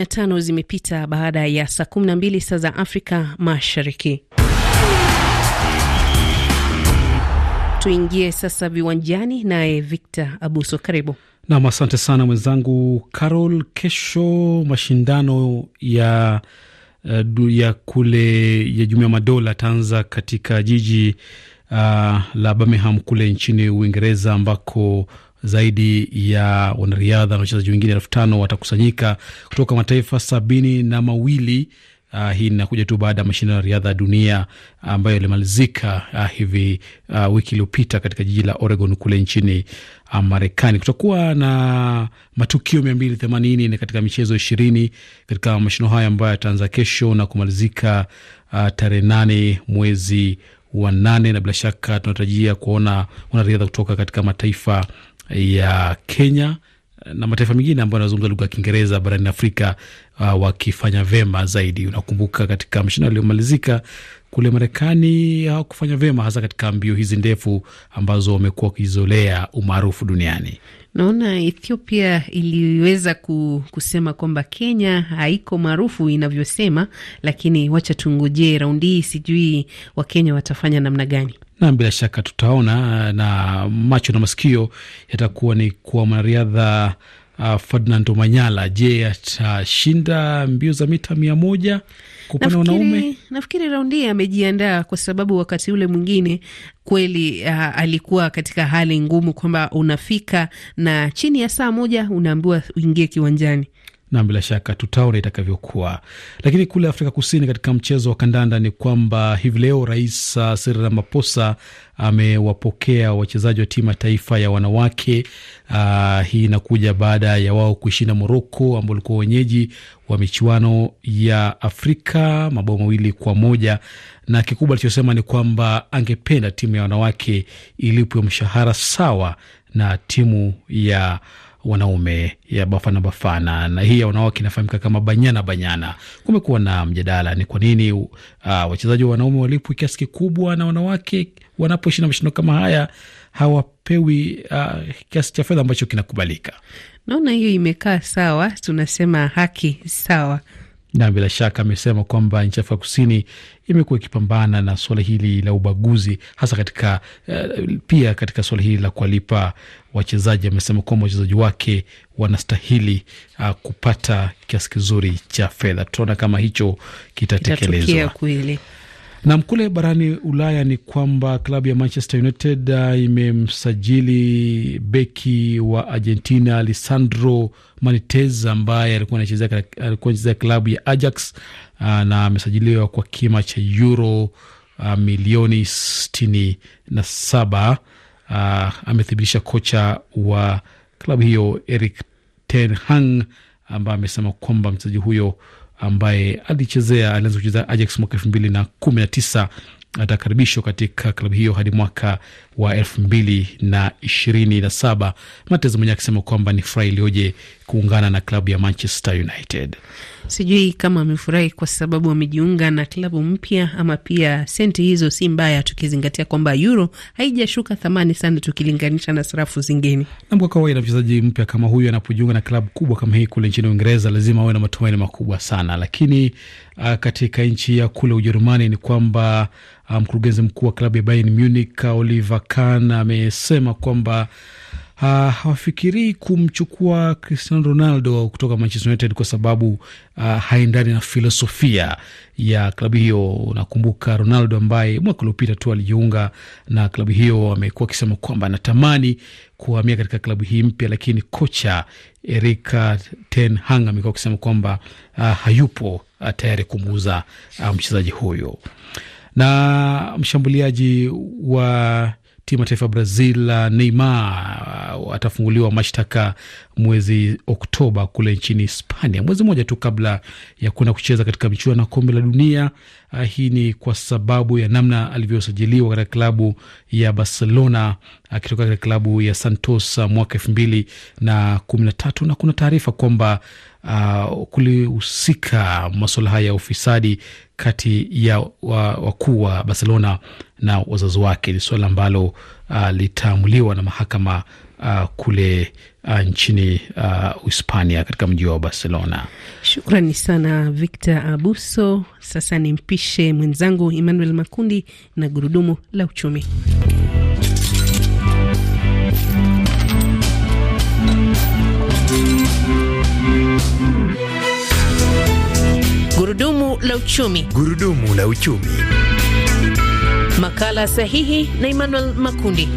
na tano zimepita baada ya saa 12 saa za Afrika Mashariki. Tuingie sasa viwanjani, naye Victor Abuso, karibu. Nam, asante sana mwenzangu Carol. Kesho mashindano ya eh, ya kule ya Jumuiya Madola ataanza katika jiji uh, la Birmingham kule nchini Uingereza ambako zaidi ya wanariadha na wachezaji wengine elfu tano watakusanyika kutoka mataifa sabini na mawili. Uh, hii inakuja tu baada ya mashindano ya riadha ya dunia ambayo yalimalizika uh, hivi uh, wiki iliyopita katika jiji la Oregon kule nchini uh, Marekani. Kutakuwa na matukio mia mbili themanini katika michezo ishirini katika mashindano hayo ambayo yataanza kesho na kumalizika uh, tarehe nane mwezi wa nane, na bila shaka tunatarajia kuona wanariadha kutoka katika mataifa ya Kenya eh, na mataifa mengine ambayo anazungumza lugha ya Kiingereza barani Afrika uh, wakifanya vema zaidi. Unakumbuka katika mashindano yaliyomalizika kule Marekani hawakufanya vyema, hasa katika mbio hizi ndefu ambazo wamekuwa wakizolea umaarufu duniani. Naona Ethiopia iliweza kusema kwamba Kenya haiko maarufu inavyosema, lakini wacha tungojee raundi hii, sijui Wakenya watafanya namna gani na bila shaka tutaona eh, na macho na masikio yatakuwa ni kwa mwanariadha uh, eh, Ferdinand Omanyala. Je, atashinda mbio za mita mia moja kwa upande wanaume? Nafikiri raundi amejiandaa, kwa sababu wakati ule mwingine kweli uh, alikuwa katika hali ngumu kwamba unafika na chini ya saa moja unaambiwa uingie kiwanjani na bila shaka tutaona itakavyokuwa. Lakini kule Afrika Kusini, katika mchezo wa kandanda ni kwamba hivi leo Rais uh, Cyril Ramaphosa amewapokea wachezaji wa timu ya taifa ya wanawake. Aa, uh, hii inakuja baada ya wao kuishinda Moroko ambao walikuwa wenyeji wa michuano ya Afrika mabao mawili kwa moja, na kikubwa alichosema ni kwamba angependa timu ya wanawake ilipwe mshahara sawa na timu ya wanaume ya Bafana Bafana na hii ya wanawake inafahamika kama Banyana Banyana. Kumekuwa na mjadala ni kwa nini uh, wachezaji wa wanaume walipwi kiasi kikubwa na wanawake wanaposhinda mashindano kama haya hawapewi uh, kiasi cha fedha ambacho kinakubalika. Naona hiyo imekaa sawa, tunasema haki sawa na bila shaka amesema kwamba nchi ya Afrika Kusini imekuwa ikipambana na suala hili la ubaguzi hasa katika uh, pia katika suala hili la kuwalipa wachezaji. Amesema kwamba wachezaji wake wanastahili uh, kupata kiasi kizuri cha fedha. Tutaona kama hicho kitatekelezwa. Nam kule barani Ulaya ni kwamba klabu ya Manchester United uh, imemsajili beki wa Argentina Alessandro Manitez ambaye alikuwa anachezea klabu ya Ajax uh, na amesajiliwa kwa kima cha euro uh, milioni sitini na saba. Amethibitisha kocha wa klabu hiyo eric ten Hag ambaye amesema kwamba mchezaji huyo ambaye alichezea alianza kucheza Ajax mwaka elfu mbili na kumi na tisa atakaribishwa katika klabu hiyo hadi mwaka wa elfu mbili na ishirini na saba. Mateza mwenyewe akisema kwamba ni furaha iliyoje kuungana na klabu ya Manchester United. Sijui kama amefurahi kwa sababu amejiunga na klabu mpya ama pia senti hizo si mbaya, tukizingatia kwamba euro haijashuka thamani sana tukilinganisha na sarafu zingine. Na kwa kawaida mchezaji mpya kama huyu anapojiunga na klabu kubwa kama hii kule nchini Uingereza lazima awe na matumaini makubwa sana, lakini uh, katika nchi ya kule Ujerumani ni kwamba ah, mkurugenzi um, mkuu wa klabu ya Bayern Munich Oliver Kahn amesema kwamba Ah, hawafikirii uh, kumchukua Cristiano Ronaldo kutoka Manchester United kwa sababu uh, haendani na filosofia ya klabu hiyo. Nakumbuka Ronaldo ambaye mwaka uliopita tu alijiunga na klabu hiyo amekuwa akisema kwamba anatamani kuhamia katika klabu hii mpya, lakini kocha Erik ten Hag amekuwa akisema kwamba uh, hayupo uh, tayari kumuuza uh, mchezaji huyo na mshambuliaji wa timu ya taifa Brazil, uh, Neymar uh, atafunguliwa mashtaka mwezi Oktoba kule nchini Hispania, mwezi mmoja tu kabla ya kuenda kucheza katika michuano ya kombe la dunia. Uh, hii ni kwa sababu ya namna alivyosajiliwa katika klabu ya Barcelona akitoka uh, katika klabu ya Santos uh, mwaka elfu mbili na kumi na tatu na kuna taarifa kwamba uh, kulihusika masuala haya ya ufisadi kati ya wakuu wa Barcelona na wazazi wake. Ni suala ambalo uh, litaamuliwa na mahakama uh, kule uh, nchini Hispania uh, katika mji wa Barcelona. Shukrani sana Victor Abuso. Sasa ni mpishe mwenzangu Emmanuel Makundi na gurudumu la uchumi. Gurudumu la uchumi. Gurudumu la uchumi. Makala sahihi na Emmanuel Makundi.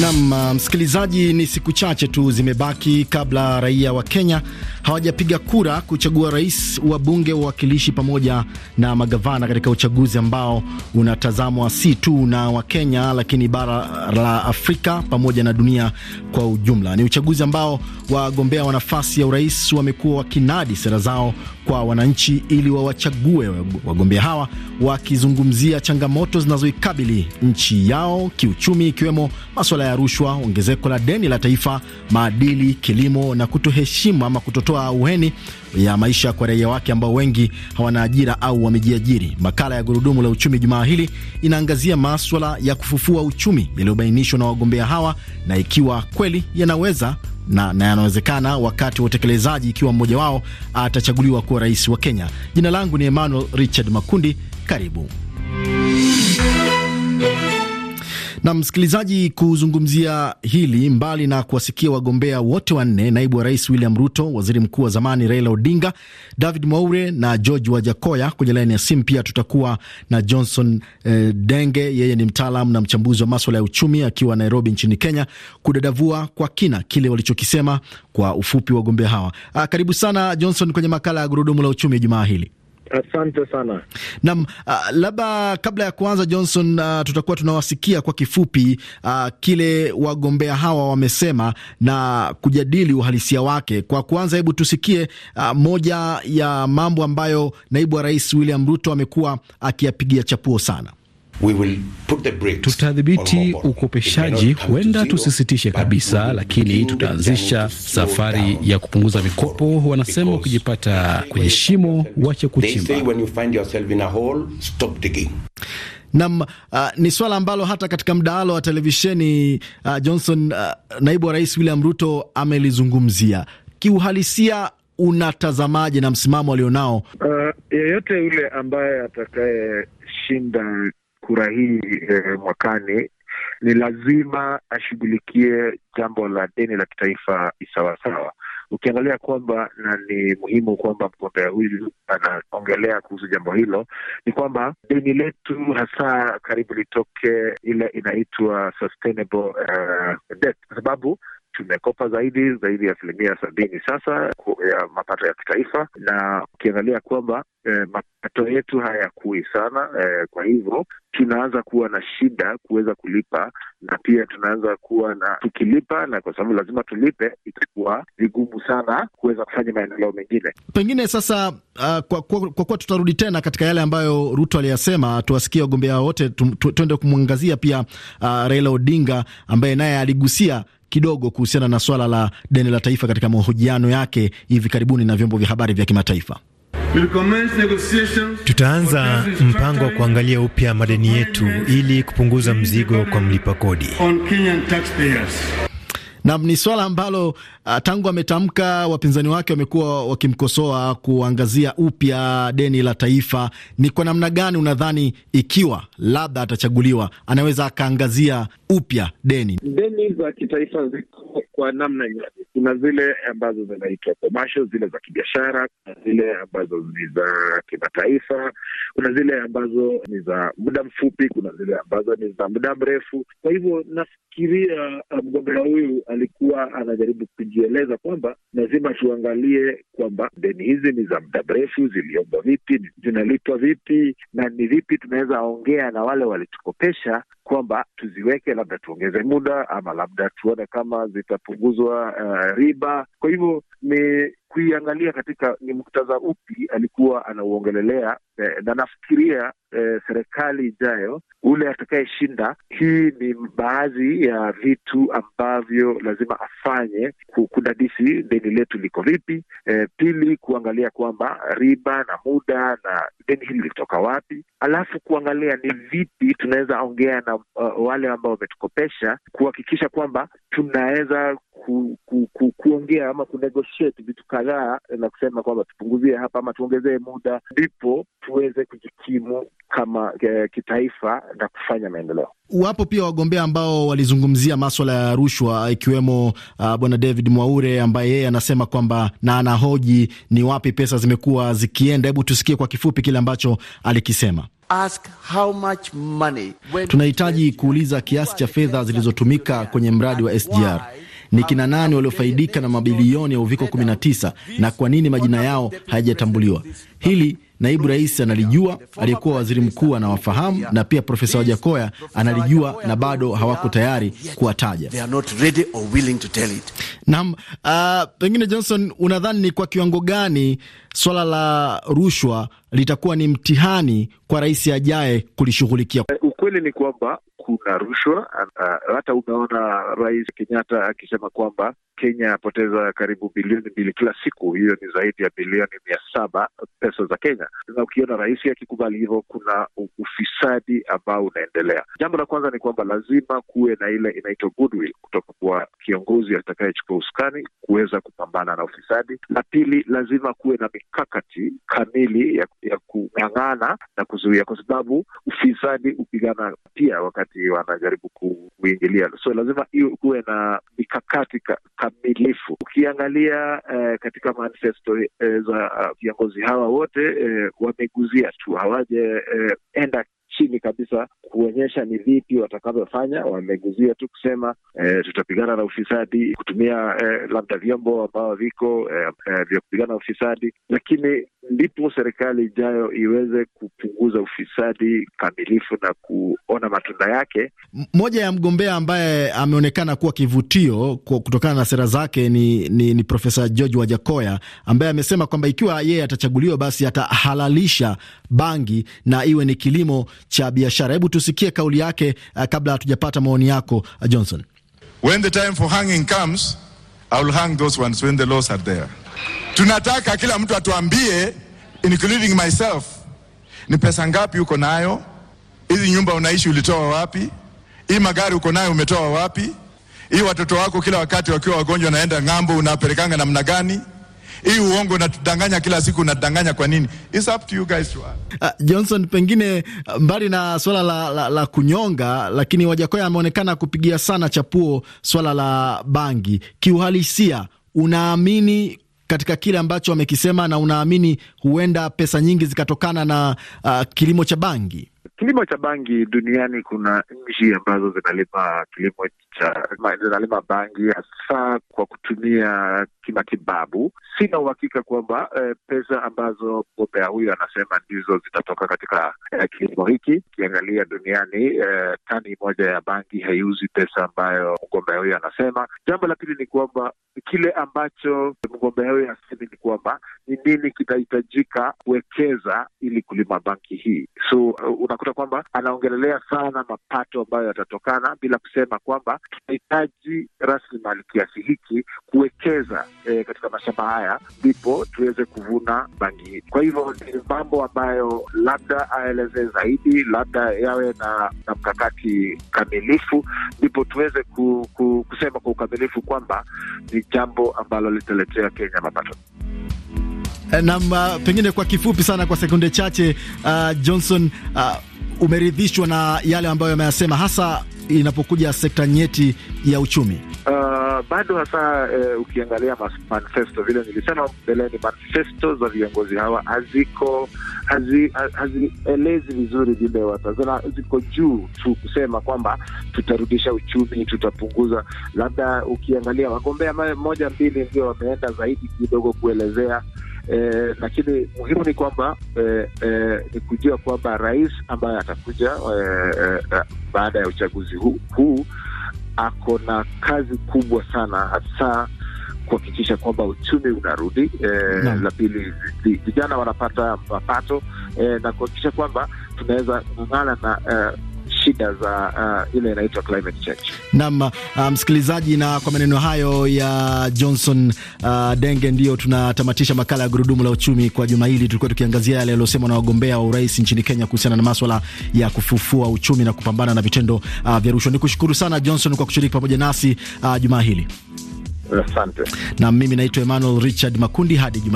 Nam uh, msikilizaji, ni siku chache tu zimebaki kabla raia wa Kenya hawajapiga kura kuchagua rais, wabunge, wawakilishi pamoja na magavana katika uchaguzi ambao unatazamwa si tu na Wakenya lakini bara la Afrika pamoja na dunia kwa ujumla. Ni uchaguzi ambao wagombea wa nafasi ya urais wamekuwa wakinadi sera zao kwa wananchi ili wawachague. Wagombea hawa wakizungumzia changamoto zinazoikabili nchi yao kiuchumi, ikiwemo masuala ya rushwa, ongezeko la deni la taifa, maadili, kilimo na kutoheshimu ama kutotoa kutoa uheni ya maisha kwa raia wake ambao wengi hawana ajira au wamejiajiri. Makala ya Gurudumu la Uchumi jumaa hili inaangazia maswala ya kufufua uchumi yaliyobainishwa na wagombea hawa na ikiwa kweli yanaweza na, na yanawezekana wakati wa utekelezaji, ikiwa mmoja wao atachaguliwa kuwa rais wa Kenya. Jina langu ni Emmanuel Richard Makundi, karibu na msikilizaji, kuzungumzia hili, mbali na kuwasikia wagombea wote wanne, naibu wa rais William Ruto, waziri mkuu wa zamani Raila Odinga, David Mwaure na George Wajakoya, kwenye laini ya simu pia tutakuwa na Johnson eh, Denge, yeye ni mtaalam na mchambuzi wa maswala ya uchumi akiwa Nairobi nchini Kenya, kudadavua kwa kina kile walichokisema kwa ufupi wagombea hawa. Ah, karibu sana Johnson kwenye makala ya gurudumu la uchumi jumaa hili. Asante sana nam. Uh, ah, labda kabla ya kuanza Johnson, uh, tutakuwa tunawasikia kwa kifupi uh, kile wagombea hawa wamesema na kujadili uhalisia wake. Kwa kuanza, hebu tusikie uh, moja ya mambo ambayo naibu wa rais William Ruto amekuwa akiyapigia chapuo sana. Tutadhibiti ukopeshaji, huenda tusisitishe kabisa, lakini tutaanzisha safari ya kupunguza mikopo. Wanasema ukijipata kwenye shimo wache kuchimba. Nam uh, ni swala ambalo hata katika mdahalo wa televisheni uh, Johnson uh, naibu wa rais William Ruto amelizungumzia. Kiuhalisia unatazamaje na msimamo alionao? Uh, yeyote yule ambaye atakayeshinda kura hii eh, mwakani ni lazima ashughulikie jambo la deni la kitaifa sawasawa ukiangalia kwamba na ni muhimu kwamba mgombea huyu anaongelea kuhusu jambo hilo, ni kwamba deni letu hasa karibu litoke ile inaitwa sustainable uh, debt, kwa sababu tumekopa zaidi zaidi ya asilimia sabini sasa ya mapato ya kitaifa, na ukiangalia kwamba eh, mapato yetu hayakui sana eh, kwa hivyo tunaanza kuwa na shida kuweza kulipa, na pia tunaanza kuwa na tukilipa, na kwa sababu lazima tulipe, itakuwa vigumu sana kuweza kufanya maendeleo mengine. Pengine sasa, uh, kwa kuwa kwa, kuwa tutarudi tena katika yale ambayo Ruto aliyasema, tuwasikie wagombea wote, tuende kumwangazia pia uh, Raila Odinga ambaye naye aligusia kidogo kuhusiana na swala la deni la taifa katika mahojiano yake hivi karibuni na vyombo vya habari vya kimataifa. Tutaanza mpango wa kuangalia upya madeni yetu ili kupunguza mzigo kwa mlipa kodi. Nam, ni swala ambalo Ah, tangu ametamka, wapinzani wake wamekuwa wakimkosoa kuangazia upya deni la taifa. Ni kwa namna gani unadhani ikiwa labda atachaguliwa, anaweza akaangazia upya deni? Deni za kitaifa ziko kwa namna nyingi. Kuna zile ambazo zinaitwa komasho, zile za kibiashara, kuna zile ambazo ni za kimataifa, kuna zile ambazo ni za muda mfupi, kuna zile ambazo ni za muda mrefu. Kwa hivyo nafikiria ah, mgombea huyu alikuwa anajaribu kuj kujieleza kwamba lazima tuangalie kwamba deni hizi ni za muda mrefu, ziliomba vipi, zinalipwa vipi, na ni vipi tunaweza ongea na wale walitukopesha kwamba tuziweke, labda tuongeze muda ama labda tuone kama zitapunguzwa uh, riba. Kwa hivyo ni kuiangalia katika ni muktadha upi alikuwa anauongelelea eh, na nafikiria eh, serikali ijayo ule atakayeshinda, hii ni baadhi ya vitu ambavyo lazima afanye kudadisi deni letu liko vipi. Eh, pili, kuangalia kwamba riba na muda na deni hili lilitoka wapi, alafu kuangalia ni vipi tunaweza ongea na uh, wale ambao wametukopesha kuhakikisha kwamba tunaweza ku, ku, ku, kuongea ama kunegotiate vitu ka kadhaa na kusema kwamba tupunguzie hapa ama tuongezee muda, ndipo tuweze kujikimu kama e, kitaifa na kufanya maendeleo. Wapo pia wagombea ambao walizungumzia maswala ya rushwa ikiwemo uh, bwana David Mwaure ambaye yeye anasema kwamba na anahoji ni wapi pesa zimekuwa zikienda. Hebu tusikie kwa kifupi kile ambacho alikisema. Ask how much money, tunahitaji kuuliza kiasi cha fedha zilizotumika kwenye mradi wa SGR ni kina nani waliofaidika na mabilioni ya uviko 19 na kwa nini majina yao hayajatambuliwa? Hili naibu rais analijua, aliyekuwa waziri mkuu anawafahamu, na pia Profesa Wajakoya analijua na bado hawako tayari kuwataja. Naam. Uh, pengine Johnson, unadhani ni kwa kiwango gani swala la rushwa litakuwa ni mtihani kwa rais ajaye kulishughulikia? Ukweli ni kwamba kuna rushwa. Hata umeona Rais Kenyatta akisema kwamba Kenya apoteza karibu bilioni mbili kila siku, hiyo ni zaidi ya bilioni mia saba pesa za Kenya. Na ukiona rais akikubali hivyo, kuna ufisadi ambao unaendelea. Jambo la kwanza ni kwamba lazima kuwe na ile inaitwa goodwill kutoka kwa kiongozi atakayechukua usukani kuweza kupambana na ufisadi. La pili, lazima kuwe na mikakati kamili ya, ya kung'ang'ana na kuzuia, kwa sababu ufisadi upiga sana pia wakati wanajaribu kuingilia. So lazima kuwe na mikakati kamilifu. Ukiangalia eh, katika manifesto eh, za ah, viongozi hawa wote eh, wameguzia tu, hawajaenda eh, chini kabisa kuonyesha ni vipi watakavyofanya. Wameguzia tu kusema e, tutapigana na ufisadi kutumia e, labda vyombo ambao viko e, e, vya kupigana na ufisadi, lakini ndipo serikali ijayo iweze kupunguza ufisadi kamilifu na kuona matunda yake. Mmoja ya mgombea ambaye ameonekana kuwa kivutio kutokana na sera zake ni, ni, ni Profesa George Wajakoya ambaye amesema kwamba ikiwa yeye atachaguliwa, basi atahalalisha bangi na iwe ni kilimo cha biashara. Hebu tusikie kauli yake uh, kabla hatujapata maoni yako uh, Johnson. When the time for hanging comes, I will hang those ones when the laws are there. Tunataka kila mtu atuambie, including myself, ni pesa ngapi uko nayo? Hizi nyumba unaishi ulitoa wapi? Hii magari uko nayo umetoa wapi? Hii watoto wako kila wakati wakiwa wagonjwa naenda ng'ambo unapelekanga namna gani? hii uongo natudanganya kila siku, natudanganya kwa nini? It's up to you guys. Uh, Johnson, pengine ah, mbali na swala la, la, la kunyonga, lakini Wajakoya ameonekana kupigia sana chapuo swala la bangi. Kiuhalisia, unaamini katika kile ambacho wamekisema na unaamini huenda pesa nyingi zikatokana na uh, kilimo cha bangi? kilimo cha bangi duniani, kuna nchi ambazo zinalima kilimo cha zinalima bangi hasa kwa kutumia kimatibabu. Sina uhakika kwamba eh, pesa ambazo mgombea huyo anasema ndizo zitatoka katika eh, kilimo hiki. Ukiangalia duniani eh, tani moja ya bangi haiuzi pesa ambayo mgombea huyo anasema. Jambo la pili ni kwamba kile ambacho mgombea huyo asemi ni kwamba ni nini kitahitajika kuwekeza ili kulima banki hii. So uh, unakuta kwamba anaongelelea sana mapato ambayo yatatokana bila kusema kwamba tunahitaji rasilimali kiasi hiki kuwekeza eh, katika mashamba haya ndipo tuweze kuvuna banki hii. Kwa hivyo ni mambo ambayo labda aelezee zaidi, labda yawe na, na mkakati kamilifu, ndipo tuweze ku, ku, kusema kwa ukamilifu kwamba ni jambo ambalo litaletea Kenya mapato. Eh, Nam, pengine kwa kifupi sana, kwa sekunde chache, uh, Johnson, uh, umeridhishwa na yale ambayo ameyasema hasa inapokuja sekta nyeti ya uchumi? Uh, bado hasa uh, ukiangalia manifesto vile nilisema mbeleni, manifesto za viongozi hawa haziko hazielezi vizuri vile watazana, ziko juu tu kusema kwamba tutarudisha uchumi, tutapunguza. Labda ukiangalia wagombea mmoja mbili ndio wameenda zaidi kidogo kuelezea eh, lakini muhimu ni kwamba eh, eh, ni kujua kwamba rais ambaye atakuja eh, eh, baada ya uchaguzi huu, huu ako na kazi kubwa sana hasa kuhakikisha kwamba uchumi unarudi eh, no. La pili vijana wanapata mapato eh, na kuhakikisha kwamba tunaweza kung'ang'ana na eh, shida za uh, ile inaitwa climate change. Naam, uh, msikilizaji, na kwa maneno hayo ya Johnson uh, Denge, ndiyo tunatamatisha makala ya gurudumu la uchumi kwa juma hili. Tulikuwa tukiangazia yale yaliyosemwa na wagombea wa urais nchini Kenya kuhusiana na maswala ya kufufua uchumi na kupambana na vitendo uh, vya rushwa. Ni kushukuru sana Johnson kwa kushiriki pamoja nasi uh, juma hili. Asante. Na mimi naitwa Emmanuel Richard Makundi hadi juma